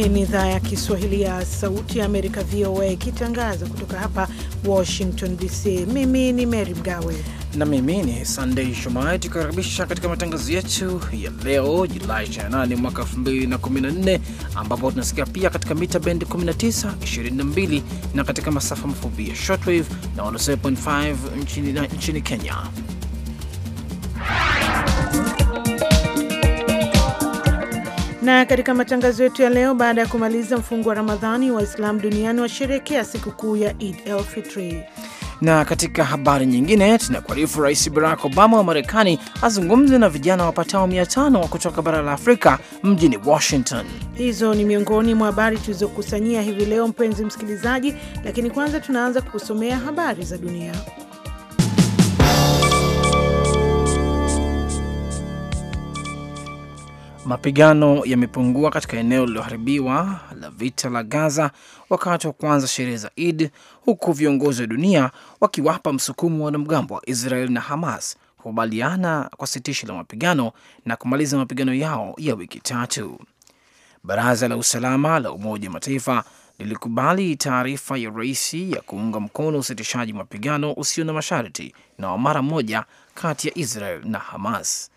Hii ni idhaa ya Kiswahili ya Sauti ya Amerika, VOA, ikitangaza kutoka hapa Washington DC. Mimi ni Mary Mgawe na mimi ni Sandei Shomari, tukikaribisha katika matangazo yetu ya leo Julai 28 mwaka 2014, ambapo tunasikia pia katika mita bendi 19, 22 na katika masafa mafupi ya shortwave na 107.5 nchini, nchini Kenya Na katika matangazo yetu ya leo, baada ya kumaliza mfungo wa Ramadhani, Waislamu duniani washerekea sikukuu ya Eid el Fitri. Na katika habari nyingine, tunakuarifu Rais Barack Obama wa Marekani azungumze na vijana wapatao mia tano kutoka bara la Afrika mjini Washington. Hizo ni miongoni mwa habari tulizokusanyia hivi leo, mpenzi msikilizaji, lakini kwanza tunaanza kukusomea habari za dunia. Mapigano yamepungua katika eneo lililoharibiwa la vita la Gaza wakati wa kuanza sherehe za Eid, huku viongozi wa dunia wakiwapa msukumo wa wanamgambo wa Israel na Hamas kukubaliana kwa sitisho la mapigano na kumaliza mapigano yao ya wiki tatu. Baraza la Usalama la Umoja wa Mataifa lilikubali taarifa ya rais ya kuunga mkono usitishaji mapigano usio na masharti na wa mara moja kati ya Israel na Hamas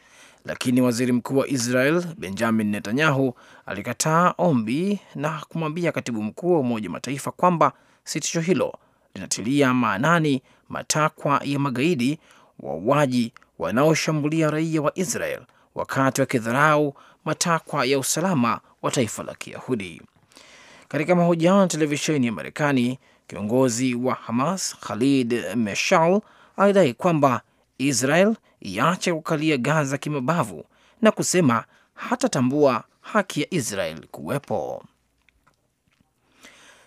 lakini waziri mkuu wa Israel Benjamin Netanyahu alikataa ombi na kumwambia katibu mkuu wa Umoja wa Mataifa kwamba sitisho hilo linatilia maanani matakwa ya magaidi wauaji wanaoshambulia raia wa Israel wakati wakidharau matakwa ya usalama wa taifa la Kiyahudi. Katika mahojiano na televisheni ya Marekani, kiongozi wa Hamas Khalid Meshal alidai kwamba Israel iache kukalia Gaza kimabavu na kusema hatatambua haki ya Israel kuwepo.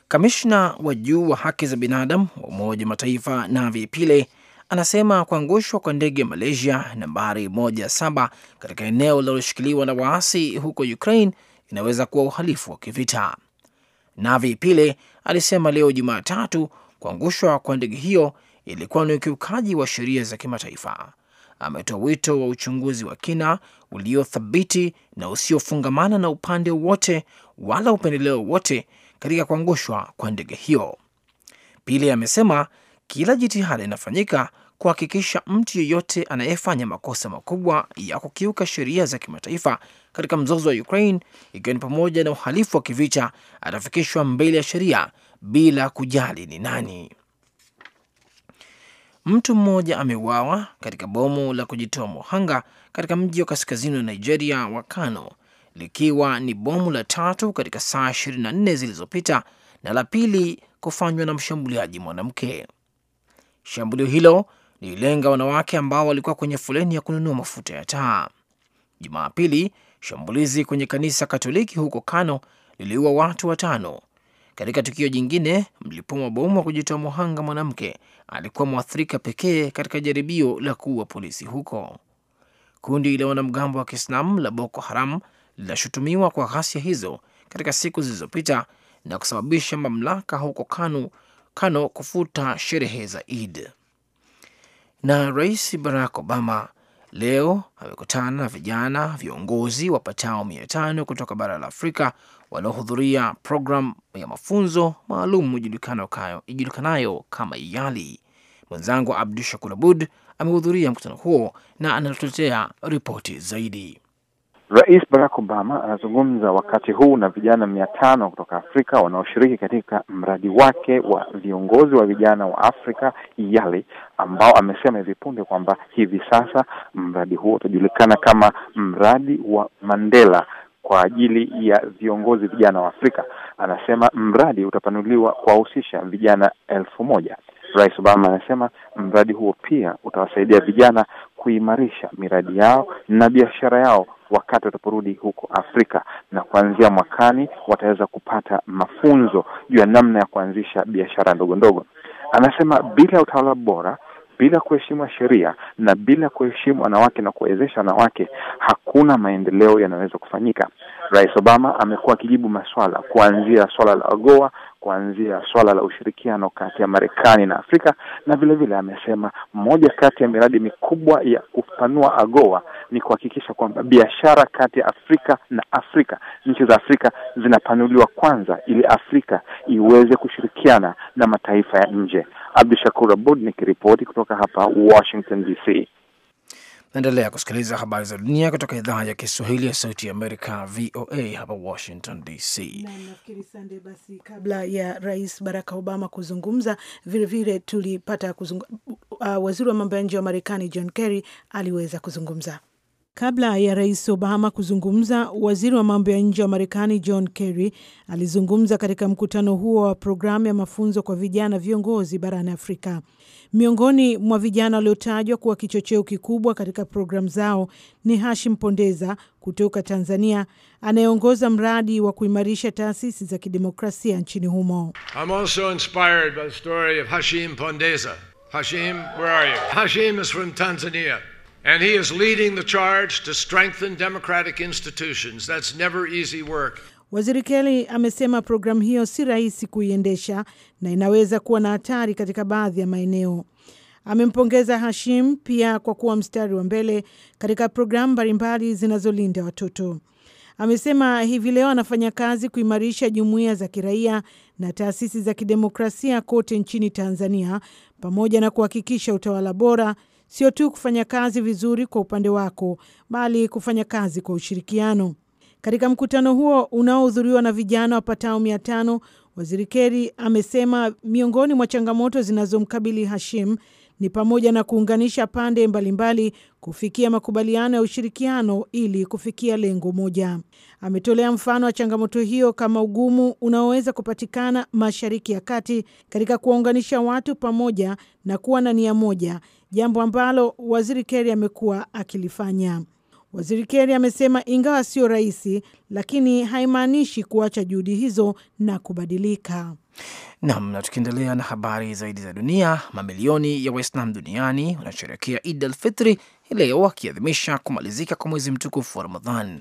Kamishna wa juu wa haki za binadamu wa Umoja wa Mataifa Navi Pile anasema kuangushwa kwa ndege ya Malaysia nambari 17 katika eneo linaloshikiliwa na waasi huko Ukraine inaweza kuwa uhalifu wa kivita. Navi Pile alisema leo Jumatatu kuangushwa kwa ndege hiyo ilikuwa ni ukiukaji wa sheria za kimataifa. Ametoa wito wa uchunguzi wa kina uliothabiti na usiofungamana na upande wowote wala upendeleo wote katika kuangushwa kwa ndege hiyo. Pili, amesema kila jitihada inafanyika kuhakikisha mtu yeyote anayefanya makosa makubwa ya kukiuka sheria za kimataifa katika mzozo wa Ukraine, ikiwa ni pamoja na uhalifu wa kivita, atafikishwa mbele ya sheria bila kujali ni nani. Mtu mmoja ameuawa katika bomu la kujitoa muhanga katika mji wa kaskazini wa Nigeria wa Kano, likiwa ni bomu la tatu katika saa 24 zilizopita na la pili kufanywa na mshambuliaji mwanamke. Shambulio hilo lililenga wanawake ambao walikuwa kwenye foleni ya kununua mafuta ya taa. pili shambulizi kwenye kanisa Katoliki huko Kano liliua watu watano katika tukio jingine, mlipuo wa bomu wa kujitoa muhanga mwanamke alikuwa mwathirika pekee katika jaribio la kuua polisi huko. Kundi la wanamgambo wa Kiislamu la Boko Haram linashutumiwa kwa ghasia hizo katika siku zilizopita na kusababisha mamlaka huko Kano, Kano kufuta sherehe za Eid. Na Rais Barack Obama leo amekutana na vijana viongozi wapatao mia tano kutoka bara la Afrika wanaohudhuria programu ya mafunzo maalum ijulikanayo kama YALI. Mwenzangu Abdu Shakur Abud amehudhuria mkutano huo na anatuletea ripoti zaidi. Rais Barack Obama anazungumza wakati huu na vijana mia tano kutoka Afrika wanaoshiriki katika mradi wake wa viongozi wa vijana wa Afrika YALI, ambao amesema hivi punde kwamba hivi sasa mradi huo utajulikana kama mradi wa Mandela kwa ajili ya viongozi vijana wa Afrika. Anasema mradi utapanuliwa kuwahusisha vijana elfu moja. Rais Obama anasema mradi huo pia utawasaidia vijana kuimarisha miradi yao na biashara yao wakati wataporudi huko Afrika, na kuanzia mwakani wataweza kupata mafunzo juu ya namna ya kuanzisha biashara ndogo ndogo. Anasema bila utawala bora bila kuheshimu sheria na bila kuheshimu wanawake na kuwawezesha wanawake, hakuna maendeleo yanaweza kufanyika. Rais Obama amekuwa akijibu maswala, kuanzia swala la AGOA, kuanzia swala la ushirikiano kati ya Marekani na Afrika, na vile vile amesema moja kati ya miradi mikubwa ya kupanua AGOA ni kuhakikisha kwamba biashara kati ya Afrika na Afrika, nchi za Afrika zinapanuliwa kwanza, ili Afrika iweze kushirikiana na mataifa ya nje. Abdu Shakur Abud nikiripoti kutoka hapa Washington DC. Naendelea kusikiliza habari za dunia kutoka idhaa ya Kiswahili ya Sauti ya Amerika, VOA hapa Washington DC. Nafikiri Sande, basi kabla ya Rais Barack Obama kuzungumza, vilevile tulipata kuzungu... uh, waziri wa mambo ya nje wa Marekani John Kerry aliweza kuzungumza Kabla ya Rais Obama kuzungumza, waziri wa mambo ya nje wa Marekani John Kerry alizungumza katika mkutano huo wa programu ya mafunzo kwa vijana viongozi barani Afrika. Miongoni mwa vijana waliotajwa kuwa kichocheo kikubwa katika programu zao ni Hashim Pondeza kutoka Tanzania, anayeongoza mradi wa kuimarisha taasisi za kidemokrasia nchini humo. I'm also inspired by the story of Hashim Pondeza. Hashim, where are you? Hashim is from Tanzania. And he is leading the charge to strengthen democratic institutions. That's never easy work. Waziri Kelly amesema programu hiyo si rahisi kuiendesha na inaweza kuwa na hatari katika baadhi ya maeneo. Amempongeza Hashim pia kwa kuwa mstari wa mbele katika programu mbalimbali zinazolinda watoto. Amesema hivi leo anafanya kazi kuimarisha jumuiya za kiraia na taasisi za kidemokrasia kote nchini Tanzania pamoja na kuhakikisha utawala bora sio tu kufanya kazi vizuri kwa upande wako, bali kufanya kazi kwa ushirikiano. Katika mkutano huo unaohudhuriwa na vijana wapatao mia tano, waziri Keri amesema miongoni mwa changamoto zinazomkabili Hashim ni pamoja na kuunganisha pande mbalimbali kufikia makubaliano ya ushirikiano ili kufikia lengo moja. Ametolea mfano wa changamoto hiyo kama ugumu unaoweza kupatikana Mashariki ya Kati katika kuwaunganisha watu pamoja na kuwa na nia moja jambo ambalo waziri Kerry amekuwa akilifanya. Waziri Kerry amesema ingawa sio rahisi, lakini haimaanishi kuacha juhudi hizo na kubadilika. Nam, na tukiendelea na habari zaidi za dunia, mamilioni ya Waislam duniani wanasherekea Id al Fitri hii leo wakiadhimisha kumalizika kwa mwezi mtukufu wa Ramadhan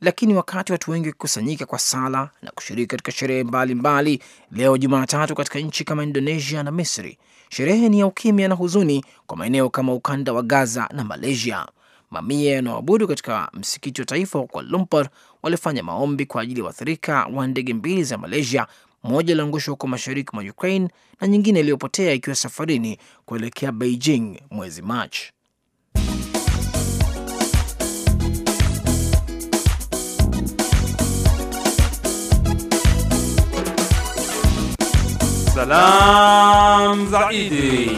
lakini wakati watu wengi wakikusanyika kwa sala na kushiriki katika sherehe mbalimbali leo Jumatatu katika nchi kama Indonesia na Misri, sherehe ni ya ukimya na huzuni kwa maeneo kama ukanda wa Gaza na Malaysia. Mamia yanaoabudu katika msikiti wa taifa wa Kuala Lumpur walifanya maombi kwa ajili ya waathirika wa ndege mbili za Malaysia, moja iliangushwa huko mashariki mwa Ukraine na nyingine iliyopotea ikiwa safarini kuelekea Beijing mwezi Machi. salam Zaidi.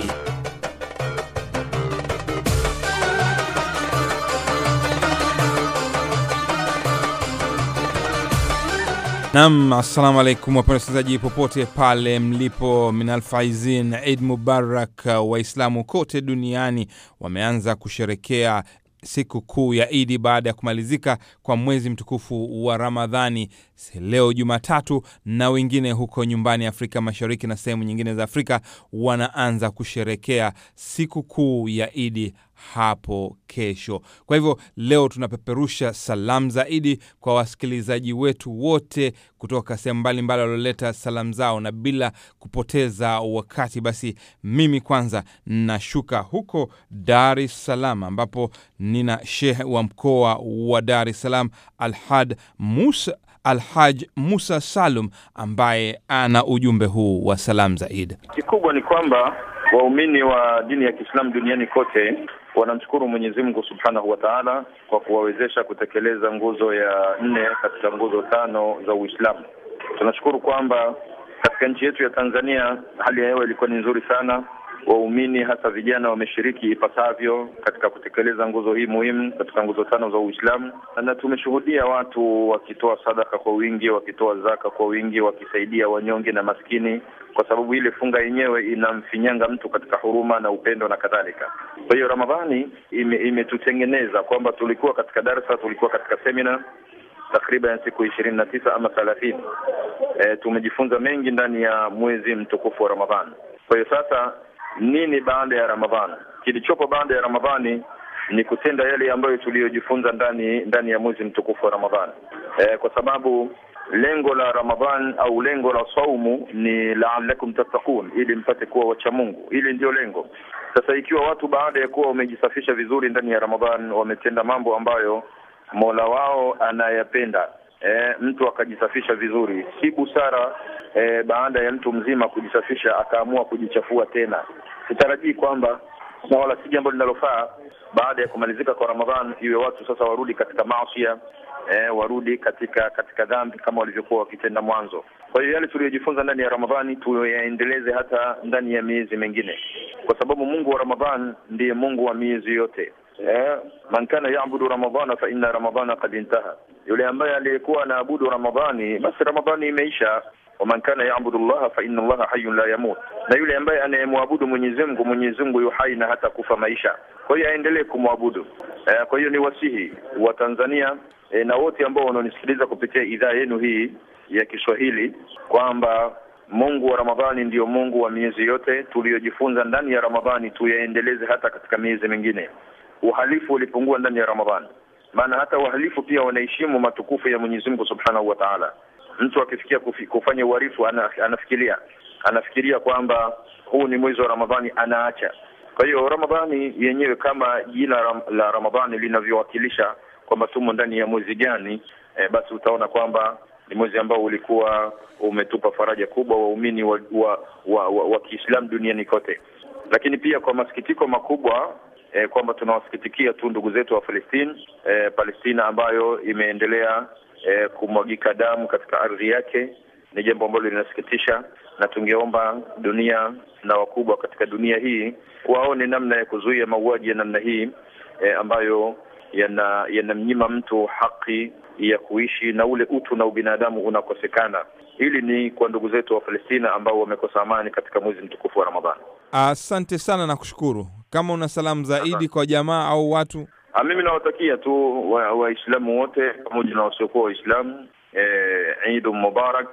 Nam, assalamu alaikum wapenda wasikilizaji popote pale mlipo, minalfaizin Eid Mubarak. Waislamu kote duniani wameanza kusherekea siku kuu ya Idi baada ya kumalizika kwa mwezi mtukufu wa Ramadhani leo Jumatatu, na wengine huko nyumbani Afrika Mashariki na sehemu nyingine za Afrika wanaanza kusherekea siku kuu ya Idi hapo kesho. Kwa hivyo leo tunapeperusha salamu zaidi kwa wasikilizaji wetu wote kutoka sehemu mbalimbali walioleta salamu zao, na bila kupoteza wakati, basi mimi kwanza nashuka huko Dar es Salaam, ambapo nina shehe wa mkoa wa Dar es Salaam Alhad Musa Alhaj Musa Salum ambaye ana ujumbe huu wa salamu zaidi. Kikubwa ni kwamba waumini wa dini ya Kiislamu duniani kote wanamshukuru Mwenyezi Mungu Subhanahu wa Ta'ala kwa kuwawezesha kutekeleza nguzo ya nne katika nguzo tano za Uislamu. Tunashukuru kwamba katika nchi yetu ya Tanzania hali ya hewa ilikuwa ni nzuri sana waumini hasa vijana wameshiriki ipasavyo katika kutekeleza nguzo hii muhimu katika nguzo tano za Uislamu, na tumeshuhudia watu wakitoa sadaka kwa wingi, wakitoa zaka kwa wingi, wakisaidia wanyonge na maskini, kwa sababu ile funga yenyewe inamfinyanga mtu katika huruma na upendo na kadhalika. Kwa hiyo Ramadhani imetutengeneza ime kwamba tulikuwa katika darsa, tulikuwa katika semina takriban siku ishirini na tisa ama thelathini. E, tumejifunza mengi ndani ya mwezi mtukufu wa Ramadhani. Kwa hiyo sasa nini baada ya Ramadhani. Kilichopo baada ya Ramadhani ni kutenda yale ambayo tuliyojifunza ndani ndani ya mwezi mtukufu wa Ramadhani e, kwa sababu lengo la Ramadhan au lengo la saumu ni laalakum tattaqun, ili mpate kuwa wacha Mungu. Hili ndio lengo. Sasa ikiwa watu baada ya kuwa wamejisafisha vizuri ndani ya Ramadhan, wametenda mambo ambayo Mola wao anayapenda E, mtu akajisafisha vizuri si busara e, baada ya mtu mzima kujisafisha akaamua kujichafua tena sitarajii kwamba na wala si jambo linalofaa baada ya kumalizika kwa Ramadhan iwe watu sasa warudi katika maasia eh, warudi katika katika dhambi kama walivyokuwa wakitenda mwanzo. Kwa hiyo yale tuliyojifunza ndani ya Ramadhani tuyaendeleze hata ndani ya miezi mingine, kwa sababu Mungu wa Ramadhan ndiye Mungu wa miezi yote. Eh, man kana yabudu ramadhana fa inna ramadhana qad intaha, yule ambaye aliyekuwa anaabudu Ramadhani basi Ramadhani imeisha waman kana yaabudu llaha fa llaha hayun la yamut, na yule ambaye anayemwabudu Mwenyezi Mungu, Mwenyezi Mungu yu hai na hata kufa maisha. Kwa hiyo aendelee kumwabudu. Eh, kwa hiyo ni wasihi wa Tanzania e, na wote ambao wanaonisikiliza kupitia idhaa yenu hii ya Kiswahili kwamba Mungu wa Ramadhani ndiyo Mungu wa miezi yote. Tuliyojifunza ndani ya Ramadhani tuyaendeleze hata katika miezi mingine. Uhalifu ulipungua ndani ya Ramadhani, maana hata wahalifu pia wanaheshimu matukufu ya Mwenyezi Mungu Subhanahu wa Ta'ala mtu akifikia kufanya uhalifu anafikiria anafikiria kwamba huu ni mwezi wa Ramadhani, anaacha. Kwa hiyo Ramadhani yenyewe kama jina ram, la Ramadhani linavyowakilisha kwamba tumo ndani ya mwezi gani, e, basi utaona kwamba ni mwezi ambao ulikuwa umetupa faraja kubwa waumini wa, wa, wa, wa, wa Kiislamu duniani kote, lakini pia kwa masikitiko makubwa e, kwamba tunawasikitikia tu ndugu zetu wa Palestina e, Palestina ambayo imeendelea e, kumwagika damu katika ardhi yake ni jambo ambalo linasikitisha, na tungeomba dunia na wakubwa katika dunia hii waone namna ya kuzuia mauaji ya namna hii e, ambayo yanamnyima yana mtu haki ya kuishi na ule utu na ubinadamu unakosekana. Hili ni kwa ndugu zetu wa Palestina ambao wamekosa amani katika mwezi mtukufu wa Ramadhani. Asante sana na kushukuru. Kama una salamu zaidi kwa jamaa au watu Ah, mimi nawatakia tu Waislamu wa wote pamoja na wasiokuwa Waislamu e, eh, Mubarak.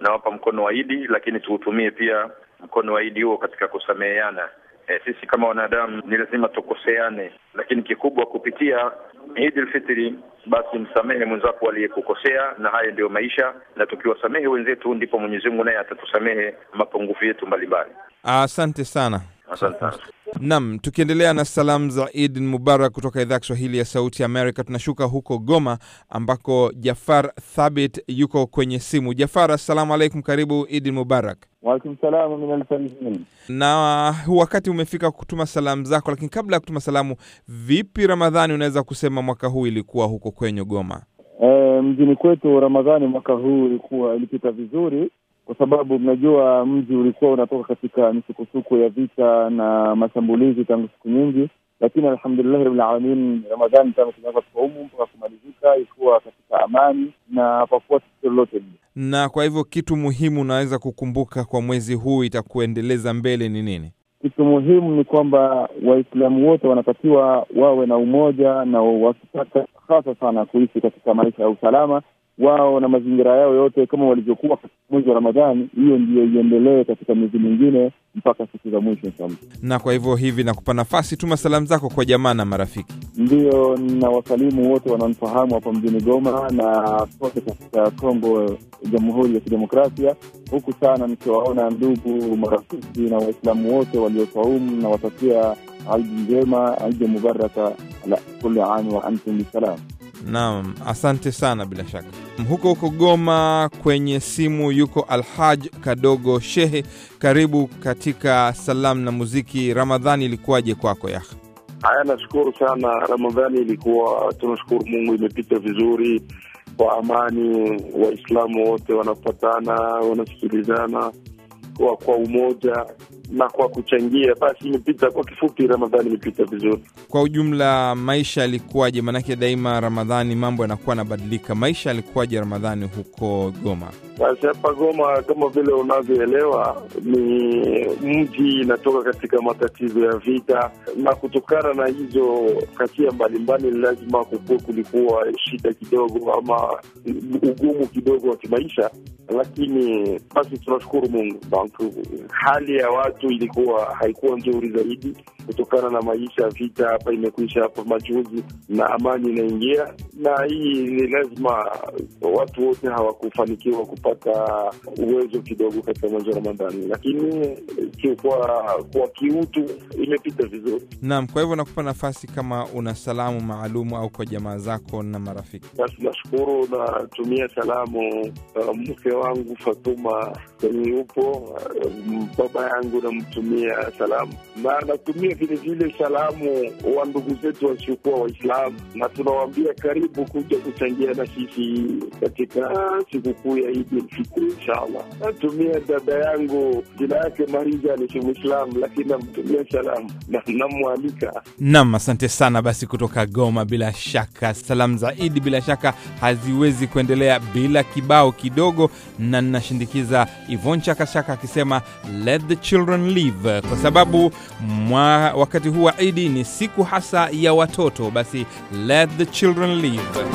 Nawapa mkono wa Idi, lakini tuutumie pia mkono wa Idi huo katika kusameheana. E, sisi kama wanadamu ni lazima tukoseane, lakini kikubwa kupitia Idi al basi msamehe mwenzako aliyekukosea, na haya ndiyo maisha, na tukiwasamehe wenzetu ndipo Mwenyezi Mungu naye atatusamehe mapungufu yetu mbalimbali. Asante sana, Nam, tukiendelea na salamu za Eid Mubarak kutoka idhaa ya Kiswahili ya Sauti ya Amerika, tunashuka huko Goma ambako Jafar Thabit yuko kwenye simu. Jafar, assalamu alaikum, karibu Eid Mubarak. Waalaikum Na huu wakati umefika kutuma salamu zako, lakini kabla ya kutuma salamu, vipi Ramadhani unaweza kusema mwaka huu ilikuwa huko kwenye Goma? E, mjini kwetu Ramadhani mwaka huu ilikuwa ilipita vizuri kwa sababu mnajua mji ulikuwa unatoka katika misukosuko ya vita na mashambulizi tangu siku nyingi, lakini alhamdulillah rabbil alamin, Ramadhani tangu tumeanza kusaumu mpaka kumalizika ilikuwa katika amani na pakuwa tatizo lolote lile. Na kwa hivyo kitu muhimu unaweza kukumbuka kwa mwezi huu itakuendeleza mbele ni nini? Kitu muhimu ni kwamba Waislamu wote wanatakiwa wawe na umoja na wakitaka hasa sana kuishi katika maisha ya usalama wao na mazingira yao yote kama walivyokuwa katika mwezi wa Ramadhani, hiyo ndiyo iendelee katika miezi mingine mpaka siku za mwisho inshallah. Na kwa hivyo hivi, nakupa nafasi, tuma salamu zako kwa jamaa na marafiki. Ndiyo, na wasalimu wote wanamfahamu hapa mjini Goma na kote katika Kongo, Jamhuri ya Kidemokrasia huku sana, nikiwaona ndugu, marafiki na Waislamu wote waliosaumu na watakia aidi njema, aidi mubaraka, ala kulli amu wa antum bisalam. Naam, asante sana. Bila shaka huko huko Goma kwenye simu yuko Alhaj Kadogo Shehe, karibu katika salamu na muziki. Ramadhani ilikuwaje kwako ya? Haya, nashukuru sana. Ramadhani ilikuwa, tunashukuru Mungu, imepita vizuri kwa amani. Waislamu wote wanapatana, wanasikilizana kwa, kwa umoja na kwa kuchangia. Basi imepita kwa kifupi, Ramadhani imepita vizuri. Kwa ujumla, maisha yalikuwaje? Maanake daima Ramadhani mambo yanakuwa yanabadilika. Maisha yalikuwaje Ramadhani huko Goma? Basi hapa Goma, kama vile unavyoelewa, ni mji inatoka katika matatizo ya vita, na kutokana na hizo kasia mbalimbali, lazima kukua, kulikuwa shida kidogo ama ugumu kidogo wa kimaisha, lakini basi tunashukuru Mungu, hali ya watu tu ilikuwa haikuwa nzuri zaidi, kutokana na maisha ya vita hapa imekwisha hapo majuzi, na amani inaingia, na hii ni lazima. Watu wote hawakufanikiwa kupata uwezo kidogo katika mwezi wa Ramadhani, lakini eh, kwa, kwa kiutu imepita vizuri. Naam, kwa hivyo nakupa nafasi kama una salamu maalumu au kwa jamaa zako na marafiki. Basi nashukuru, natumia salamu uh, mke wangu Fatuma kwenye eh, yupo, uh, baba yangu namtumia salamu na natumia vilevile salamu wa ndugu zetu wasiokuwa Waislamu, na tunawaambia karibu kuja kuchangia na sisi katika sikukuu ya Idi Elfitri inshallah. Natumia dada yangu jina yake Marija ni Muislamu, lakini namtumia salamu na namwalika. Naam, asante sana basi, kutoka Goma. Bila shaka salamu za Idi bila shaka haziwezi kuendelea bila kibao kidogo, na ninashindikiza Ivon Chakashaka akisema let the children live, kwa sababu mwa wakati huu wa Idi ni siku hasa ya watoto, basi let the children live.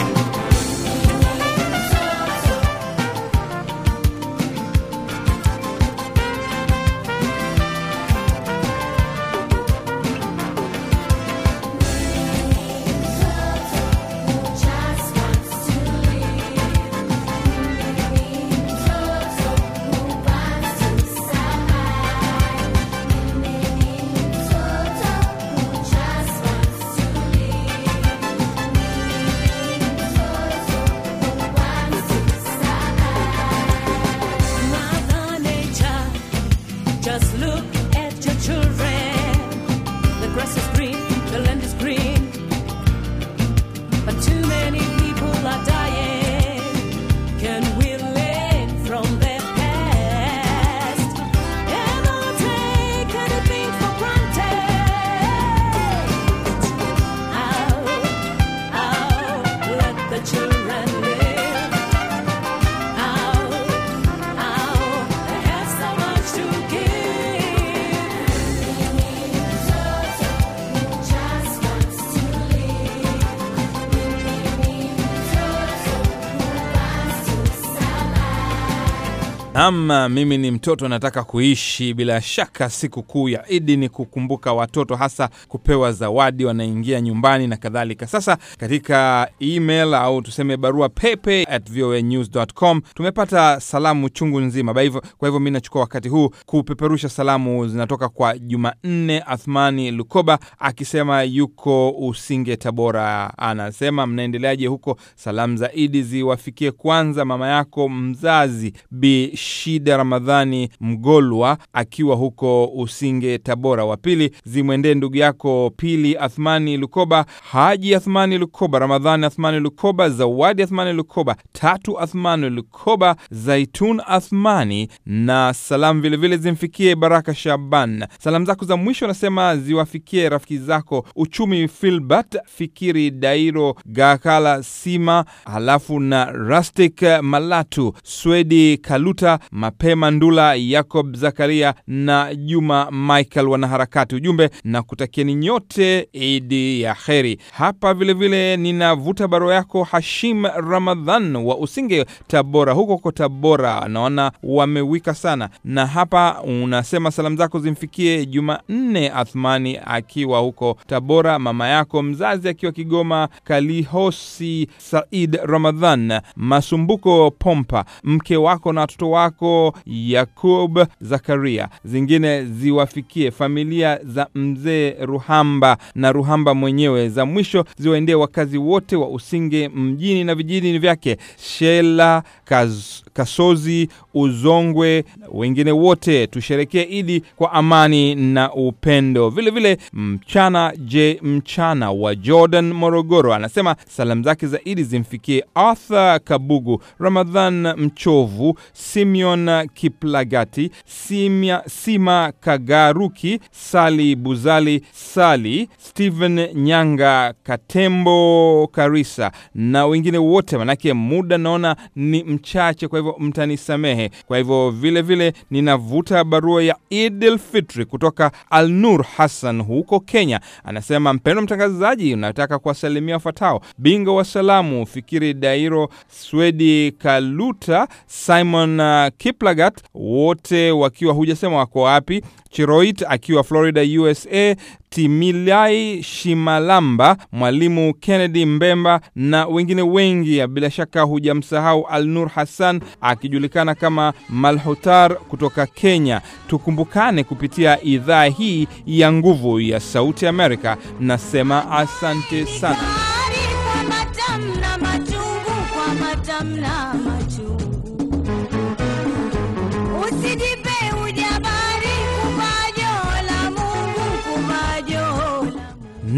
Ama mimi ni mtoto nataka kuishi. Bila shaka siku kuu ya Idi ni kukumbuka watoto, hasa kupewa zawadi, wanaingia nyumbani na kadhalika. Sasa katika email au tuseme barua pepe at voanews.com tumepata salamu chungu nzima. Kwa hivyo kwa hivyo mi nachukua wakati huu kupeperusha salamu. Zinatoka kwa Jumanne Athmani Lukoba akisema yuko Usinge, Tabora. Anasema mnaendeleaje huko? Salamu za Idi ziwafikie kwanza mama yako mzazi bi Rashida Ramadhani Mgolwa akiwa huko Usinge, Tabora. Wa pili zimwendee ndugu yako Pili Athmani Lukoba, Haji Athmani Lukoba, Ramadhani Athmani Lukoba, Zawadi Athmani Lukoba, Tatu Athmani Lukoba, Zaitun Athmani na salamu vilevile zimfikie Baraka Shaban. Salamu zako za mwisho anasema ziwafikie rafiki zako Uchumi Filbert Fikiri Dairo Gakala Sima, halafu na Rustic Malatu Swedi Kaluta Mapema Ndula, Yacob Zakaria na Juma Michael, wanaharakati ujumbe na kutakieni nyote Idi ya heri. Hapa vilevile ninavuta barua yako Hashim Ramadhan wa Usinge, Tabora, huko huko Tabora, naona wamewika sana. Na hapa unasema salamu zako zimfikie Jumanne Athmani akiwa huko Tabora, mama yako mzazi akiwa Kigoma, Kalihosi Said Ramadhan Masumbuko Pompa, mke wako na watoto wako wako Yakub Zakaria, zingine ziwafikie familia za mzee Ruhamba na Ruhamba mwenyewe, za mwisho ziwaendee wakazi wote wa Usinge mjini na vijijini vyake, Shela Kaz, Kasozi, Uzongwe, wengine wote. Tusherekee Idi kwa amani na upendo. Vilevile vile, mchana je, mchana wa Jordan Morogoro anasema salamu zake za Idi zimfikie Arthur Kabugu, Ramadhan Mchovu, Simi Simeon Kiplagati, Simia, Sima Kagaruki, Sali Buzali, Sali Steven Nyanga, Katembo Karisa na wengine wote, manake muda naona ni mchache, kwa hivyo mtanisamehe. Kwa hivyo vile vile ninavuta barua ya Idil Fitri kutoka Alnur Hassan huko Kenya, anasema: mpendo mtangazaji, unataka kuwasalimia wafuatao: bingo wa salamu Fikiri Dairo, Swedi Kaluta, Simon Kiplagat, wote wakiwa hujasema wako wapi, Chiroit akiwa Florida USA, Timilai Shimalamba, mwalimu Kennedy Mbemba na wengine wengi. Bila shaka hujamsahau Alnur Hassan akijulikana kama malhotar kutoka Kenya. Tukumbukane kupitia idhaa hii ya nguvu ya Sauti Amerika. Nasema asante sana.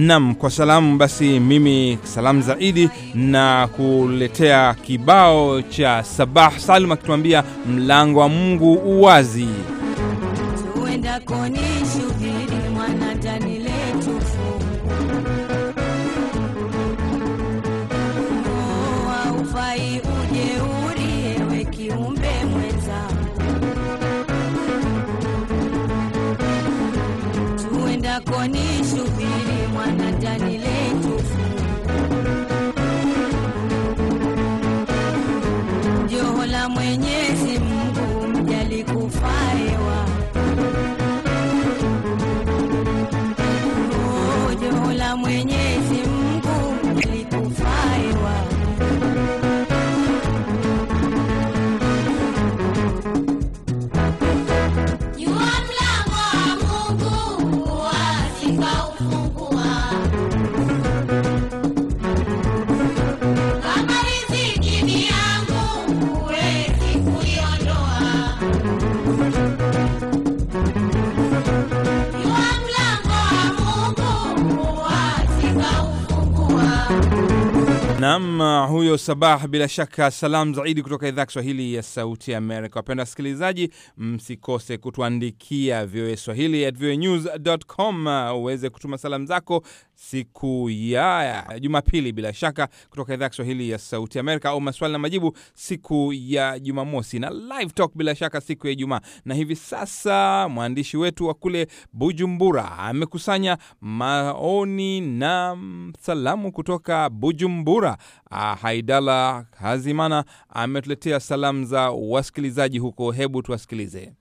Nam, kwa salamu basi, mimi salamu zaidi na kuletea kibao cha Sabah Salum akituambia mlango wa Mungu uwazi tuenda koni Naam, uh, huyo Sabah, bila shaka salam zaidi kutoka idhaa Kiswahili ya Sauti ya Amerika. Wapenda wasikilizaji, msikose kutuandikia VOA Swahili at voanews.com uh, uweze kutuma salamu zako siku ya Jumapili, bila shaka kutoka idhaa Kiswahili ya Sauti Amerika, au maswali na majibu siku ya Jumamosi na live talk, bila shaka siku ya Ijumaa. Na hivi sasa mwandishi wetu wa kule Bujumbura amekusanya maoni na salamu kutoka Bujumbura. Kagera. Ah, Haidala Hazimana ametuletea salamu za wasikilizaji huko, hebu tuwasikilize.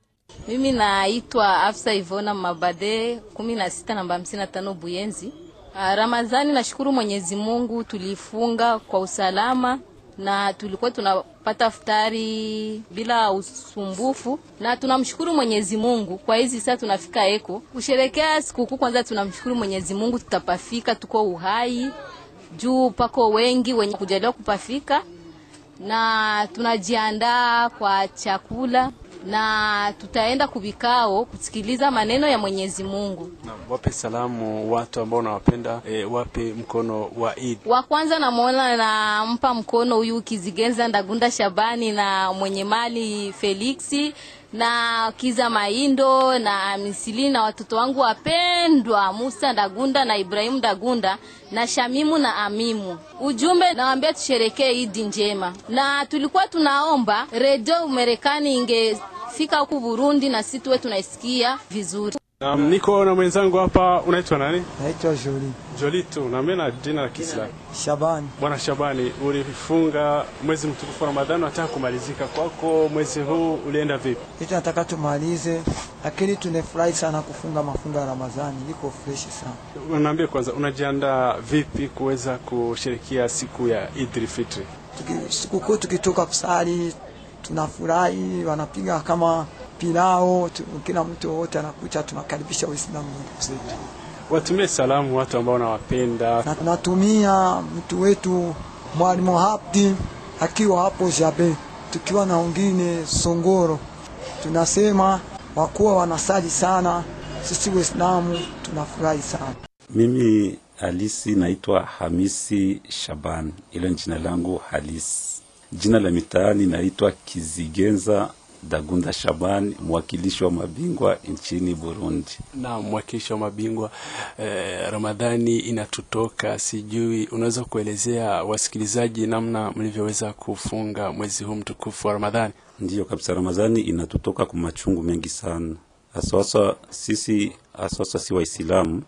Mimi naitwa Afsa Ivona Mabade, kumi na sita namba hamsini na tano Buyenzi. Ah, Ramadhani, nashukuru Mwenyezi Mungu tulifunga kwa usalama na tulikuwa tunapata futari bila usumbufu, na tunamshukuru Mwenyezi Mungu kwa hizi saa tunafika eko kusherekea sikukuu. Kwanza tunamshukuru Mwenyezi Mungu tutapafika, tuko uhai juu pako wengi wenye kujaliwa kupafika, na tunajiandaa kwa chakula na tutaenda kuvikao kusikiliza maneno ya Mwenyezi Mungu. Na wape salamu watu ambao nawapenda, e, wape mkono wa Eid. Wa kwanza namwona nampa mkono huyu Kizigenza Ndagunda Shabani na mwenye mali Felixi na Kiza Maindo na Misili na watoto wangu wapendwa Musa Ndagunda na Ibrahimu Ndagunda na Shamimu na Amimu. Ujumbe nawaambia tusherekee Idi njema, na tulikuwa tunaomba redio Marekani ingefika huku Burundi na sisi tuwe tunaisikia vizuri. Na niko na mwenzangu hapa, unaitwa nani? Naitwa Joli. Joli tu, na mimi na jina la Kiislamu. Shabani. Bwana Shabani, ulifunga mwezi mtukufu wa Ramadhani unataka kumalizika kwako mwezi huu ulienda vipi? Sisi nataka tumalize, lakini tunefurahi sana kufunga mafunga ya Ramadhani, niko fresh sana. Unaniambia kwanza unajiandaa vipi kuweza kushirikia siku ya Eid Idul Fitri? Sikukuu tukitoka kusali tunafurahi, wanapiga kama pilao, kila mtu wote anakuja, tunakaribisha Waislamu zetu. Watumie salamu watu ambao nawapenda. natumia mtu wetu mwalimu Habdi akiwa hapo Jabe, tukiwa na wengine Songoro, tunasema wakuwa wanasali sana. Sisi Waislamu tunafurahi sana. Mimi halisi naitwa Hamisi Shaban, ilo jina langu halisi. Jina la mitaani naitwa Kizigenza Dagunda Shaban, mwakilishi wa mabingwa nchini Burundi. Naam, mwakilishi wa mabingwa eh, Ramadhani inatutoka, sijui unaweza kuelezea wasikilizaji namna mlivyoweza kufunga mwezi huu mtukufu wa Ramadhani? Ndiyo kabisa, Ramadhani inatutoka kwa machungu mengi sana, haswaswa sisi, haswaswa si Waislamu.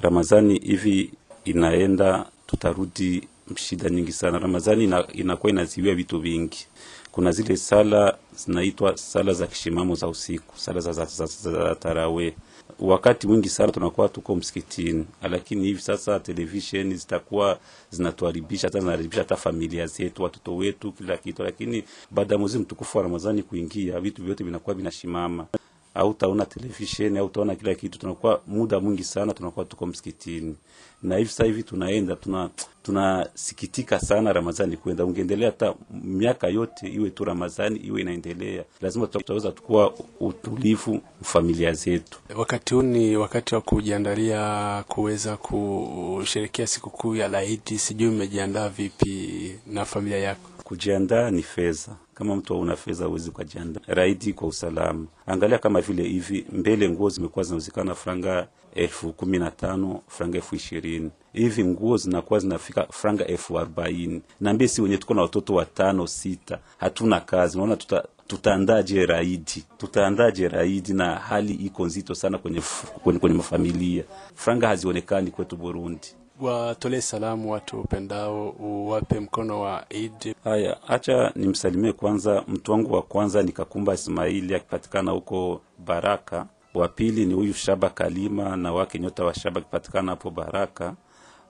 Ramadhani hivi inaenda, tutarudi mshida nyingi sana. Ramadhani inakuwa inaziwia vitu vingi kuna zile sala zinaitwa sala za kishimamo za usiku, sala za, za, za, za tarawe. Wakati mwingi sana tunakuwa tuko msikitini, lakini hivi sasa televisheni zitakuwa zinatuharibisha hata zinaharibisha hata familia zetu, watoto wetu, kila kitu. Lakini baada ya mwezi mtukufu wa Ramadhani kuingia, vitu vyote vinakuwa vinashimama au utaona televisheni au utaona kila kitu, tunakuwa muda mwingi sana tunakuwa tuko msikitini. Na hivi sasa hivi tunaenda tuna tunasikitika sana Ramadhani kwenda, ungeendelea hata miaka yote iwe tu Ramadhani iwe inaendelea, lazima tutaweza tukuwa utulivu familia zetu. Wakati huu ni wakati wa kujiandalia kuweza kusherekea sikukuu ya Laidi, sijui umejiandaa vipi na familia yako? Kujiandaa ni fedha kama mtu hauna fedha, huwezi ukajianda raidi kwa usalama. Angalia kama vile hivi mbele, nguo zimekuwa zinauzikana franga elfu kumi na tano franga elfu ishirini hivi nguo zinakuwa zinafika franga elfu arobaini nambie si wenye tuko na watoto watano sita, hatuna kazi. Unaona tuta tutaandaje raidi? Tutaandaje raidi na hali iko nzito sana kwenye, kwenye, kwenye mafamilia. Franga hazionekani kwetu Burundi watolee salamu watu upendao, uwape mkono wa Eid. Haya, acha nimsalimie kwanza mtu wangu wa kwanza ni kakumba Ismaili akipatikana huko Baraka. Wa pili ni huyu Shaba Kalima na wake nyota wa Shaba akipatikana hapo Baraka.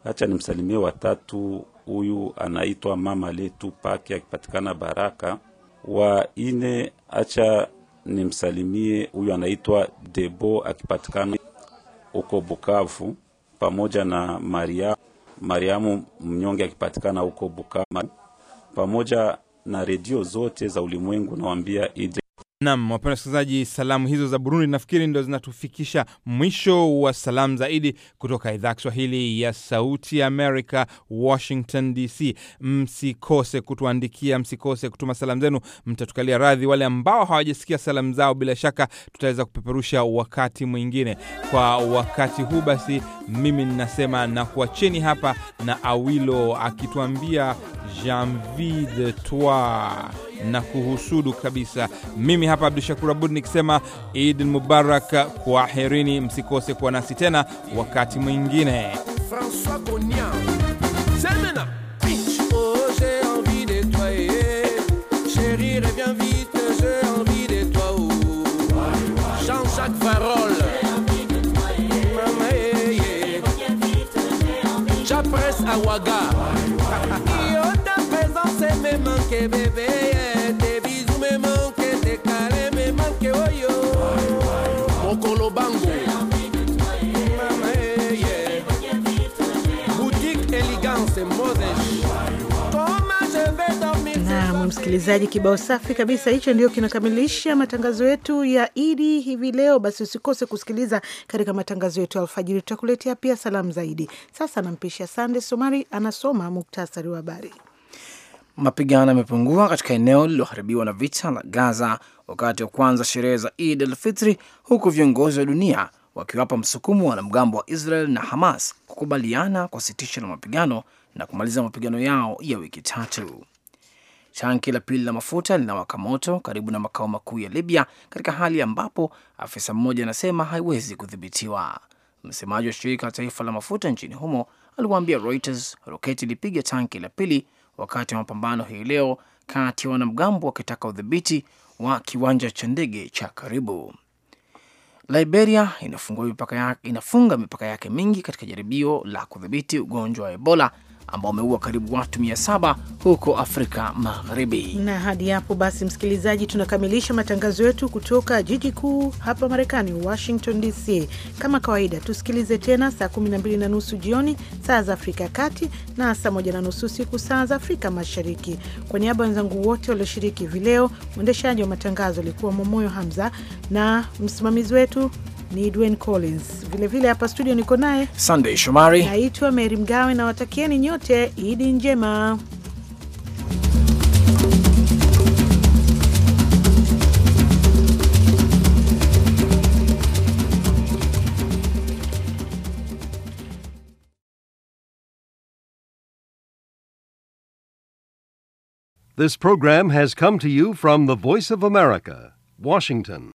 Acha nimsalimie watatu, huyu anaitwa mama letu pake akipatikana Baraka. Wa ine acha nimsalimie huyu anaitwa Debo akipatikana huko Bukavu pamoja na Maria Mariamu mnyonge akipatikana huko Bukama, pamoja na redio zote za ulimwengu. Nawaambia ije Nam, wapenda wasikilizaji, salamu hizo za Burundi nafikiri ndo zinatufikisha mwisho wa salamu zaidi kutoka idhaa ya Kiswahili ya Sauti america Amerika, Washington DC. Msikose kutuandikia, msikose kutuma salamu zenu, mtatukalia radhi wale ambao hawajasikia salamu zao. Bila shaka tutaweza kupeperusha wakati mwingine. Kwa wakati huu basi, mimi ninasema na kuacheni hapa na Awilo akituambia janvi de toi na kuhusudu kabisa. Mimi hapa Abdu Shakur Abud nikisema Id Mubarak, kwaherini, msikose kuwa nasi tena wakati mwingine. manque, me me Boutique mode msikilizaji, kibao safi kabisa hicho ndio kinakamilisha matangazo yetu ya Idi hivi leo. Basi usikose kusikiliza katika matangazo yetu alfajiri, tutakuletea pia salamu zaidi. Sasa nampisha Sande Somari anasoma muktasari wa habari mapigano yamepungua katika eneo lililoharibiwa na vita la Gaza wakati wa kwanza sherehe za id al-Fitri, huku viongozi wa dunia wakiwapa msukumo wanamgambo wa Israel na Hamas kukubaliana kwa sitisho la mapigano na kumaliza mapigano yao ya wiki tatu. Tanki la pili la mafuta linawaka moto karibu na makao makuu ya Libya katika hali ambapo afisa mmoja anasema haiwezi kudhibitiwa. Msemaji wa shirika la taifa la mafuta nchini humo aliwaambia Reuters roketi ilipiga tanki la pili wakati wa mapambano hii leo kati ya wanamgambo wakitaka udhibiti wa kiwanja cha ndege cha karibu. Liberia inafunga mipaka yake, inafunga mipaka yake mingi katika jaribio la kudhibiti ugonjwa wa Ebola ambao wameua karibu watu 700 huko Afrika Magharibi. Na hadi hapo basi, msikilizaji, tunakamilisha matangazo yetu kutoka jiji kuu hapa Marekani, Washington DC. Kama kawaida, tusikilize tena saa 12 na nusu jioni saa za Afrika ya Kati na saa 1 na nusu usiku saa za Afrika Mashariki. Kwa niaba ya wenzangu wote walioshiriki hivi leo, mwendeshaji wa matangazo alikuwa Momoyo Hamza na msimamizi wetu ni Dwayne Collins. Vilevile hapa studio niko naye Sunday Shomari. Naitwa Mary Mgawe na watakieni nyote Idi njema. This program has come to you from the Voice of America, Washington.